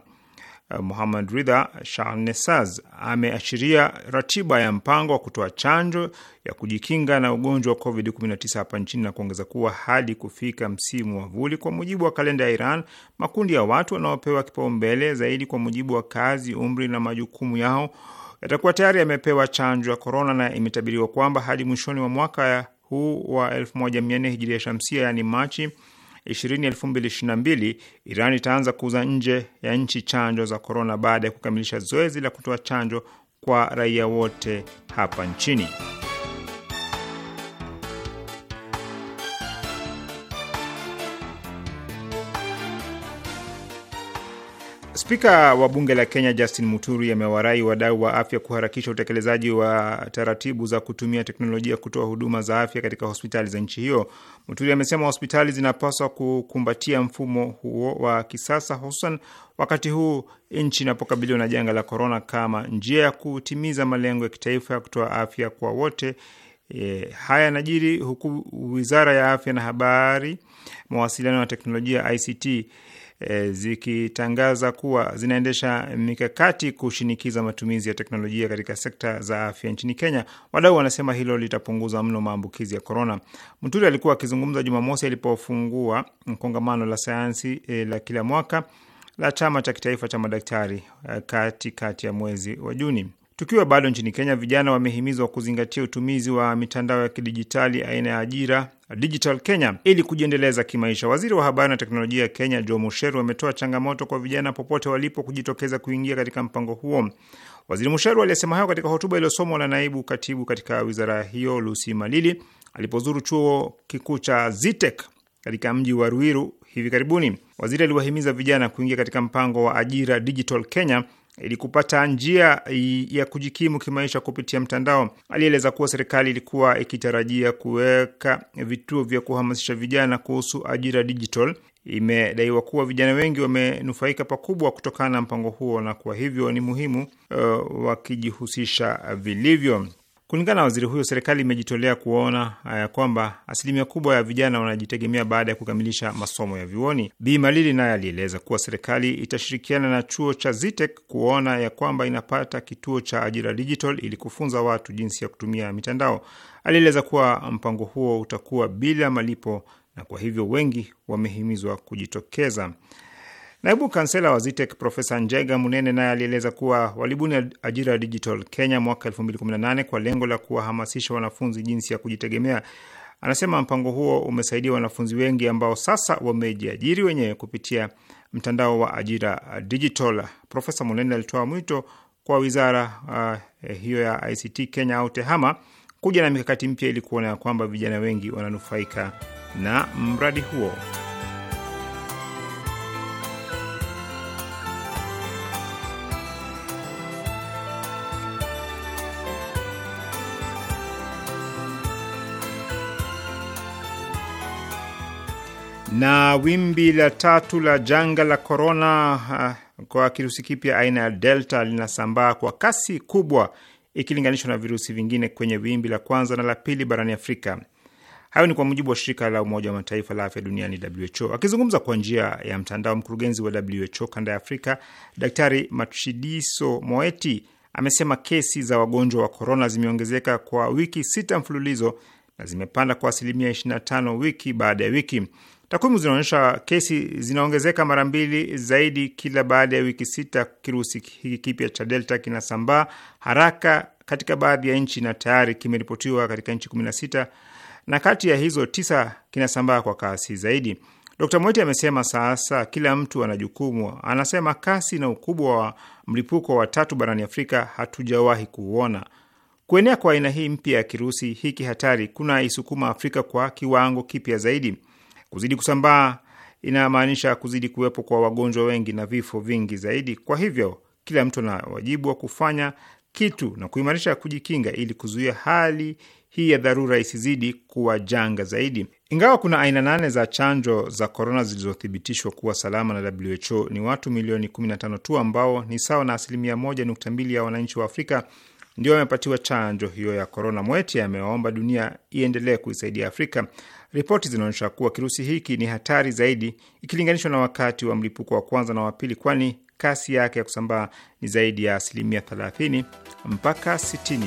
Eh, Muhammad Ridha shahnessaz ameashiria ratiba ya mpango wa kutoa chanjo ya kujikinga na ugonjwa wa COVID-19 hapa nchini na kuongeza kuwa hadi kufika msimu wa vuli, kwa mujibu wa kalenda ya Iran, makundi ya watu wanaopewa kipaumbele zaidi kwa mujibu wa kazi, umri na majukumu yao yatakuwa tayari yamepewa chanjo ya korona, na imetabiriwa kwamba hadi mwishoni mwa mwaka huu wa 1400 hijiria shamsia, yaani Machi 20 2022 Iran itaanza kuuza nje ya nchi chanjo za korona baada ya kukamilisha zoezi la kutoa chanjo kwa raia wote hapa nchini. Spika wa bunge la Kenya Justin Muturi amewarai wadau wa afya kuharakisha utekelezaji wa taratibu za kutumia teknolojia kutoa huduma za afya katika hospitali za nchi hiyo. Muturi amesema hospitali zinapaswa kukumbatia mfumo huo wa kisasa, hususan wakati huu nchi inapokabiliwa na janga la korona, kama njia ya kutimiza malengo ya kitaifa ya kutoa afya kwa wote. E, haya yanajiri huku wizara ya afya na habari, mawasiliano na teknolojia ICT e, zikitangaza kuwa zinaendesha mikakati kushinikiza matumizi ya teknolojia katika sekta za afya nchini Kenya. Wadau wanasema hilo litapunguza mno maambukizi ya korona. Mturi alikuwa akizungumza Jumamosi alipofungua kongamano la sayansi e, la kila mwaka la chama cha kitaifa cha madaktari e, katikati kati ya mwezi wa Juni. Tukiwa bado nchini Kenya, vijana wamehimizwa kuzingatia utumizi wa mitandao ya kidijitali aina ya ajira Digital Kenya ili kujiendeleza kimaisha. Waziri wa habari na teknolojia ya Kenya jo Musheru ametoa changamoto kwa vijana popote walipo kujitokeza kuingia katika mpango huo. Waziri Musheru aliyesema hayo katika hotuba iliyosomwa na naibu katibu katika wizara hiyo Lucy Malili alipozuru chuo kikuu cha Zitek katika mji wa Ruiru hivi karibuni. Waziri aliwahimiza vijana kuingia katika mpango wa ajira Digital Kenya ili kupata njia ya kujikimu kimaisha kupitia mtandao. Alieleza kuwa serikali ilikuwa ikitarajia kuweka vituo vya kuhamasisha vijana kuhusu ajira digital. Imedaiwa kuwa vijana wengi wamenufaika pakubwa kutokana na mpango huo, na kwa hivyo ni muhimu uh, wakijihusisha vilivyo. Kulingana na waziri huyo, serikali imejitolea kuona ya eh, kwamba asilimia kubwa ya vijana wanajitegemea baada ya kukamilisha masomo ya vyuoni. Bi Malili naye alieleza kuwa serikali itashirikiana na chuo cha Zitek kuona ya kwamba inapata kituo cha ajira digital ili kufunza watu jinsi ya kutumia mitandao. Alieleza kuwa mpango huo utakuwa bila malipo na kwa hivyo wengi wamehimizwa kujitokeza. Naibu kansela wa Zitek Profesa Njega Munene naye alieleza kuwa walibuni ajira ya Digital Kenya mwaka 2018 kwa lengo la kuwahamasisha wanafunzi jinsi ya kujitegemea. Anasema mpango huo umesaidia wanafunzi wengi ambao sasa wamejiajiri wenyewe kupitia mtandao wa ajira digital. Profesa Munene alitoa mwito kwa wizara uh, eh, hiyo ya ICT Kenya au TEHAMA kuja na mikakati mpya ili kuona ya kwamba vijana wengi wananufaika na mradi huo. Na wimbi la tatu la janga la korona uh, kwa kirusi kipya aina ya delta linasambaa kwa kasi kubwa ikilinganishwa na virusi vingine kwenye wimbi la kwanza na la pili barani Afrika. Hayo ni kwa mujibu wa shirika la Umoja wa Mataifa la afya duniani WHO. Akizungumza kwa njia ya mtandao, mkurugenzi wa WHO kanda ya Afrika Daktari Matshidiso Moeti amesema kesi za wagonjwa wa korona zimeongezeka kwa wiki sita mfululizo na zimepanda kwa asilimia 25 wiki baada ya wiki. Takwimu zinaonyesha kesi zinaongezeka mara mbili zaidi kila baada ya wiki sita. Kirusi hiki kipya cha Delta kinasambaa haraka katika baadhi ya nchi na tayari kimeripotiwa katika nchi kumi na na kati ya hizo tisa kinasambaa kwa kasi zaidi. Dr Mweti amesema sasa kila mtu ana jukumu. Anasema kasi na ukubwa wa mlipuko wa tatu barani Afrika hatujawahi kuuona. Kuenea kwa aina hii mpya ya kirusi hiki hatari kuna isukuma Afrika kwa kiwango kipya zaidi. Kuzidi kusambaa inamaanisha kuzidi kuwepo kwa wagonjwa wengi na vifo vingi zaidi. Kwa hivyo, kila mtu ana wajibu wa kufanya kitu na kuimarisha kujikinga ili kuzuia hali hii ya dharura isizidi kuwa janga zaidi. Ingawa kuna aina nane za chanjo za korona zilizothibitishwa kuwa salama na WHO, ni watu milioni 15 tu ambao ni sawa na asilimia 1.2 ya wananchi wa Afrika ndio wamepatiwa chanjo hiyo ya korona. mweti amewaomba dunia iendelee kuisaidia Afrika Ripoti zinaonyesha kuwa kirusi hiki ni hatari zaidi ikilinganishwa na wakati wa mlipuko wa kwanza na wa pili, kwani kasi yake ya kusambaa ni zaidi ya asilimia 30 mpaka 60.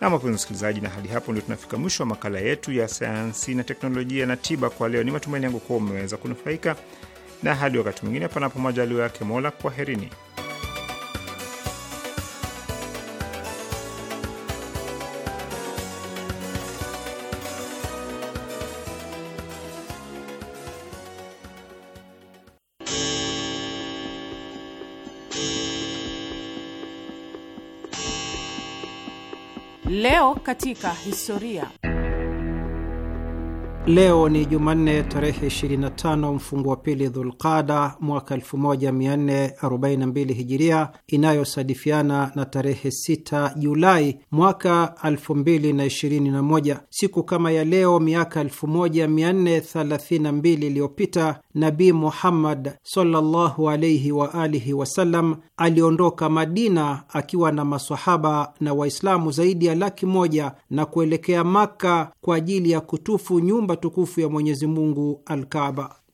Nam, wapenzi msikilizaji, na hadi hapo ndio tunafika mwisho wa makala yetu ya sayansi na teknolojia na tiba kwa leo. Ni matumaini yangu kuwa umeweza kunufaika, na hadi wakati mwingine, panapo majaliwa yake Mola, kwaherini. Leo katika historia. Leo ni Jumanne tarehe 25 mfungu wa pili Dhulqada mwaka 1442 Hijiria, inayosadifiana na tarehe 6 Julai mwaka 2021. Siku kama ya leo miaka 1432 iliyopita Nabi Muhammad sallallahu alaihi wa alihi wasallam aliondoka Madina akiwa na masahaba na Waislamu zaidi ya laki moja na kuelekea Makka kwa ajili ya kutufu nyumba tukufu ya Mwenyezi Mungu,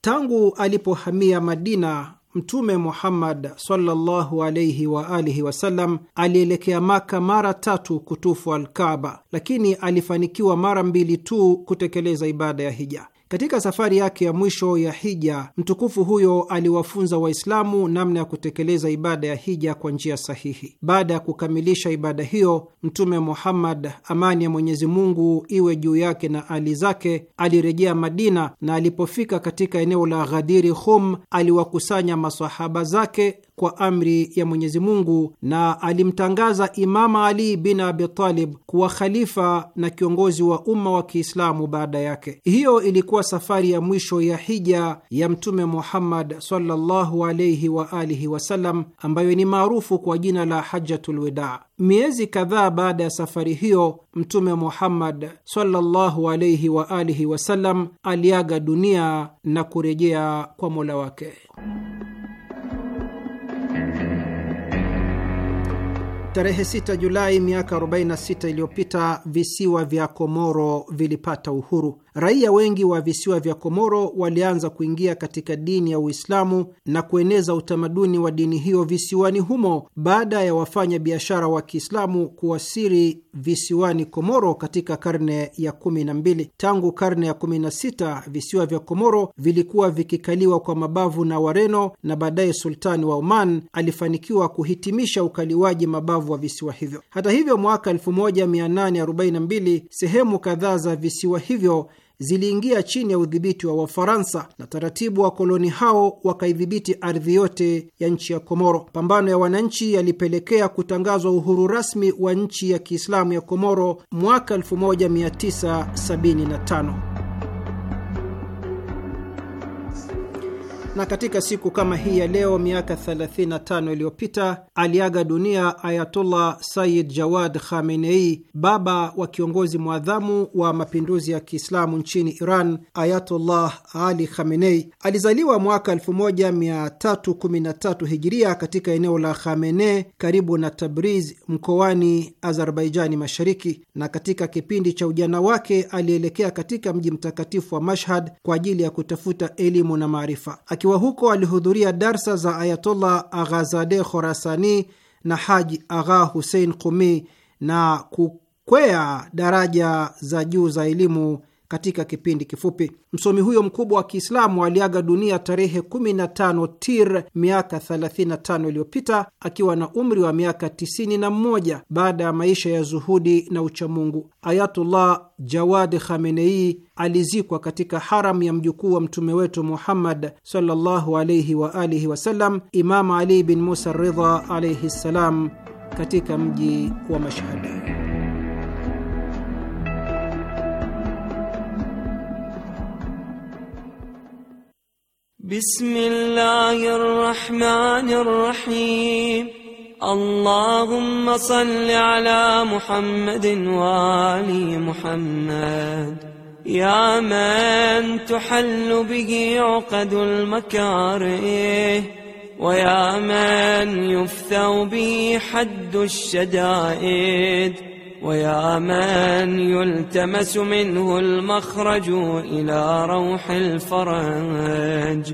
Tangu alipohamia Madina, Mtume Muhammad sallallahu alaihi wa alihi wasallam alielekea Maka mara tatu kutufu alkaba lakini alifanikiwa mara mbili tu kutekeleza ibada ya hija. Katika safari yake ya mwisho ya hija, mtukufu huyo aliwafunza Waislamu namna ya kutekeleza ibada ya hija kwa njia sahihi. Baada ya kukamilisha ibada hiyo, Mtume Muhammad, amani ya Mwenyezi Mungu iwe juu yake na ali zake, alirejea Madina na alipofika katika eneo la Ghadiri Khum, aliwakusanya masahaba zake kwa amri ya Mwenyezi Mungu na alimtangaza Imama Ali bin Abi Talib kuwa khalifa na kiongozi wa umma wa Kiislamu baada yake. Hiyo ilikuwa safari ya mwisho ya hija ya Mtume Muhammad sallallahu alayhi wa alihi wasallam, ambayo ni maarufu kwa jina la Hajjatul Wida. Miezi kadhaa baada ya safari hiyo, Mtume Muhammad sallallahu alayhi wa alihi wasallam aliaga dunia na kurejea kwa Mola wake. Tarehe 6 Julai miaka 46 iliyopita visiwa vya Komoro vilipata uhuru. Raia wengi wa visiwa vya Komoro walianza kuingia katika dini ya Uislamu na kueneza utamaduni wa dini hiyo visiwani humo baada ya wafanya biashara wa Kiislamu kuwasiri visiwani Komoro katika karne ya kumi na mbili. Tangu karne ya kumi na sita visiwa vya Komoro vilikuwa vikikaliwa kwa mabavu na Wareno na baadaye sultani wa Oman alifanikiwa kuhitimisha ukaliwaji mabavu wa visiwa hivyo. Hata hivyo, mwaka 1842 sehemu kadhaa za visiwa hivyo ziliingia chini ya udhibiti wa Wafaransa na taratibu wa koloni hao wakaidhibiti ardhi yote ya nchi ya Komoro. pambano ya wananchi yalipelekea kutangazwa uhuru rasmi wa nchi ya Kiislamu ya Komoro mwaka 1975. na katika siku kama hii ya leo miaka 35 iliyopita aliaga dunia Ayatullah sayid Jawad Khamenei, baba wa kiongozi mwadhamu wa mapinduzi ya Kiislamu nchini Iran, Ayatullah Ali Khamenei. Alizaliwa mwaka 1313 Hijiria katika eneo la khamene karibu na Tabriz mkoani Azerbaijani Mashariki, na katika kipindi cha ujana wake alielekea katika mji mtakatifu wa Mashhad kwa ajili ya kutafuta elimu na maarifa. Akiwa huko alihudhuria darsa za Ayatollah Aghazade Khorasani na Haji Agha Hussein Qumi na kukwea daraja za juu za elimu katika kipindi kifupi. Msomi huyo mkubwa wa Kiislamu aliaga dunia tarehe 15 Tir miaka 35 iliyopita akiwa na umri wa miaka 91 baada ya maisha ya zuhudi na uchamungu. Ayatullah Jawad Khamenei alizikwa katika haram ya mjukuu wa mtume wetu Muhammad sallallahu alayhi wa alihi wasallam, Imama Ali bin Musa Ridha alaihi ssalam, katika mji wa Mashhad. بسم الله الرحمن الرحيم اللهم صل على محمد وآل محمد يا من تحل به عقد المكاره ويا من يفثو به حد الشدائد ويا من يلتمس منه المخرج إلى روح الفرج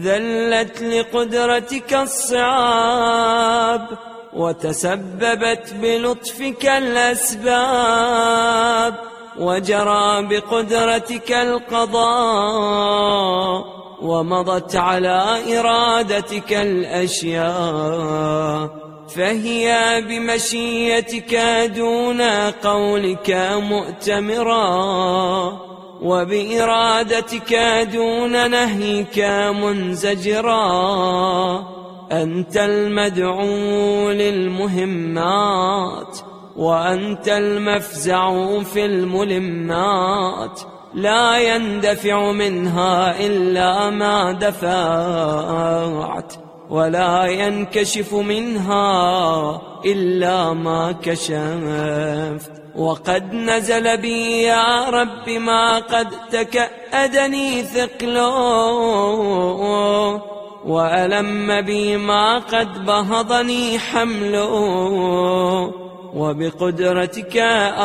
ذلت لقدرتك الصعاب وتسببت بلطفك الأسباب وجرى بقدرتك القضاء ومضت على إرادتك الأشياء فهي بمشيتك دون قولك مؤتمرا وبإرادتك دون نهيك منزجرا أنت المدعو للمهمات وأنت المفزع في الملمات لا يندفع منها إلا ما دفعت ولا ينكشف منها إلا ما كشفت وقد نزل بي يا رب ما قد تكأدني ثقله وألم بي ما قد بهضني حمله وبقدرتك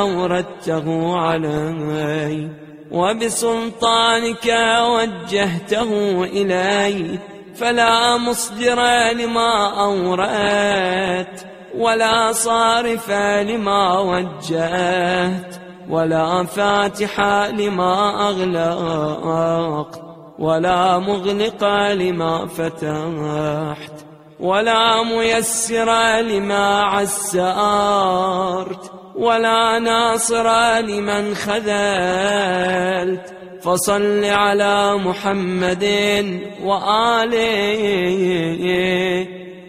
أوردته علي وبسلطانك وجهته إلي فلا مصدر لما أورات ولا صارف لما وجهت ولا فاتح لما أغلقت ولا مغلق لما فتحت ولا ميسر لما عسرت ولا ناصر لمن خذلت فصل على محمد وآله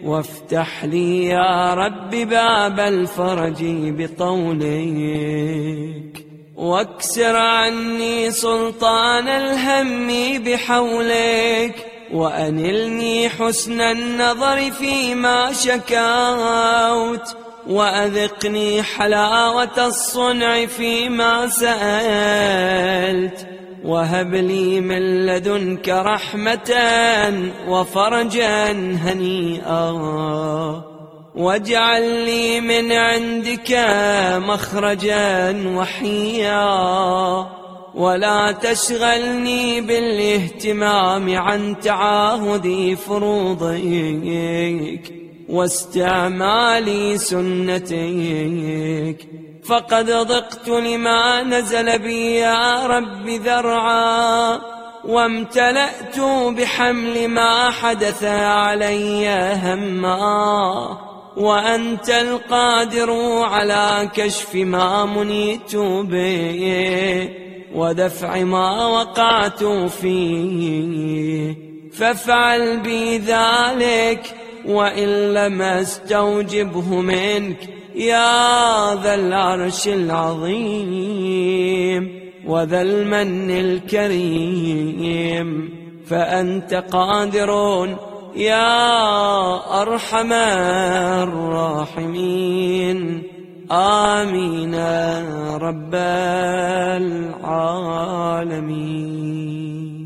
وافتح لي يا رب باب الفرج بطولك واكسر عني سلطان الهم بحولك وأنلني حسن النظر فيما شكوت وأذقني حلاوة الصنع فيما سألت وهب لي من لدنك رحمة وفرجا هنيئا واجعل لي من عندك مخرجا وحيا ولا تشغلني بالاهتمام عن تعاهدي فروضك واستعمال سنتك فقد ضقت لما نزل بي يا رب ذرعا وامتلأت بحمل ما حدث علي هما وأنت القادر على كشف ما منيت به ودفع ما وقعت فيه فافعل بي ذلك وإن لم استوجبه منك يا ذا العرش العظيم وذا المن الكريم فأنت قادر يا أرحم الراحمين آمين رب العالمين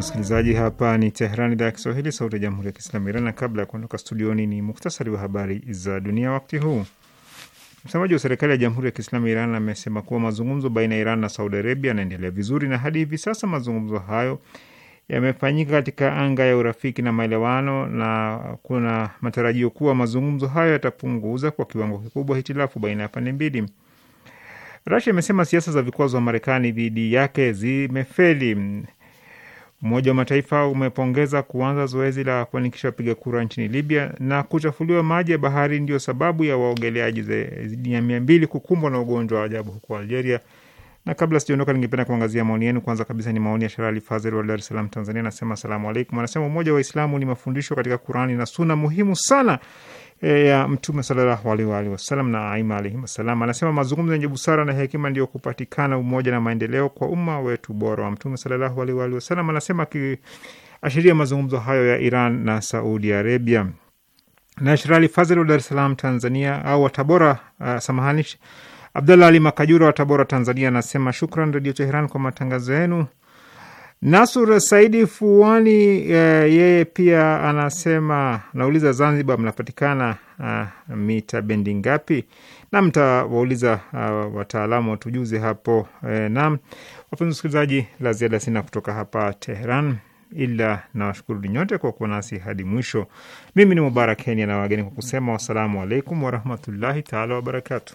msikilizaji, hapa ni tehran idhaa ya Kiswahili, sauti ya jamhuri ya kiislamu Iran. Na kabla ya kuondoka studioni, ni muhtasari wa habari za dunia wakti huu. Msemaji wa serikali ya jamhuri ya kiislamu ya Iran amesema kuwa mazungumzo baina ya Iran na Saudi Arabia yanaendelea vizuri na hadi hivi sasa mazungumzo hayo yamefanyika katika anga ya urafiki na maelewano, na kuna matarajio kuwa mazungumzo hayo yatapunguza kwa kiwango kikubwa hitilafu baina ya pande mbili. Rasia imesema siasa za vikwazo wa Marekani dhidi yake zimefeli. Umoja wa Mataifa umepongeza kuanza zoezi la kuandikisha wapiga kura nchini Libya. Na kuchafuliwa maji ya bahari ndio sababu ya waogeleaji zaidi ya mia mbili kukumbwa na ugonjwa wa ajabu huko Algeria. Na kabla sijaondoka, ningependa kuangazia maoni yenu. Kwanza kabisa ni maoni ya Sharali Fazel wa Dar es Salaam, Tanzania. Anasema asalamu alaikum. Anasema umoja wa Waislamu ni mafundisho katika Kurani na Suna muhimu sana Eh, ya Mtume sallallahu alaihi wa alihi wasallam na aima alaihim wassalam. Anasema mazungumzo yenye busara na hekima ndiyo kupatikana umoja na maendeleo kwa umma wetu bora wa Mtume sallallahu alaihi wa alihi wasallam, anasema akiashiria mazungumzo hayo ya Iran na Saudi Arabia. Nashrali Fazil wa Dar es Salaam, Tanzania au watabora uh, samahani Abdallah Ali Makajura wa Tabora, Tanzania anasema shukran Radio Teheran kwa matangazo yenu Nasur Saidi Fuani yeye eh, yeye pia anasema, nauliza Zanzibar mnapatikana uh, mita bendi ngapi? Na mtawauliza uh, wataalamu watujuze hapo eh. Naam wapenzi wasikilizaji, la ziada sina kutoka hapa Teheran, ila nawashukuru nyote kwa kuwa nasi hadi mwisho. Mimi ni Mubarak Kenya na wageni kwa kusema wassalamu alaikum warahmatullahi taala wabarakatu.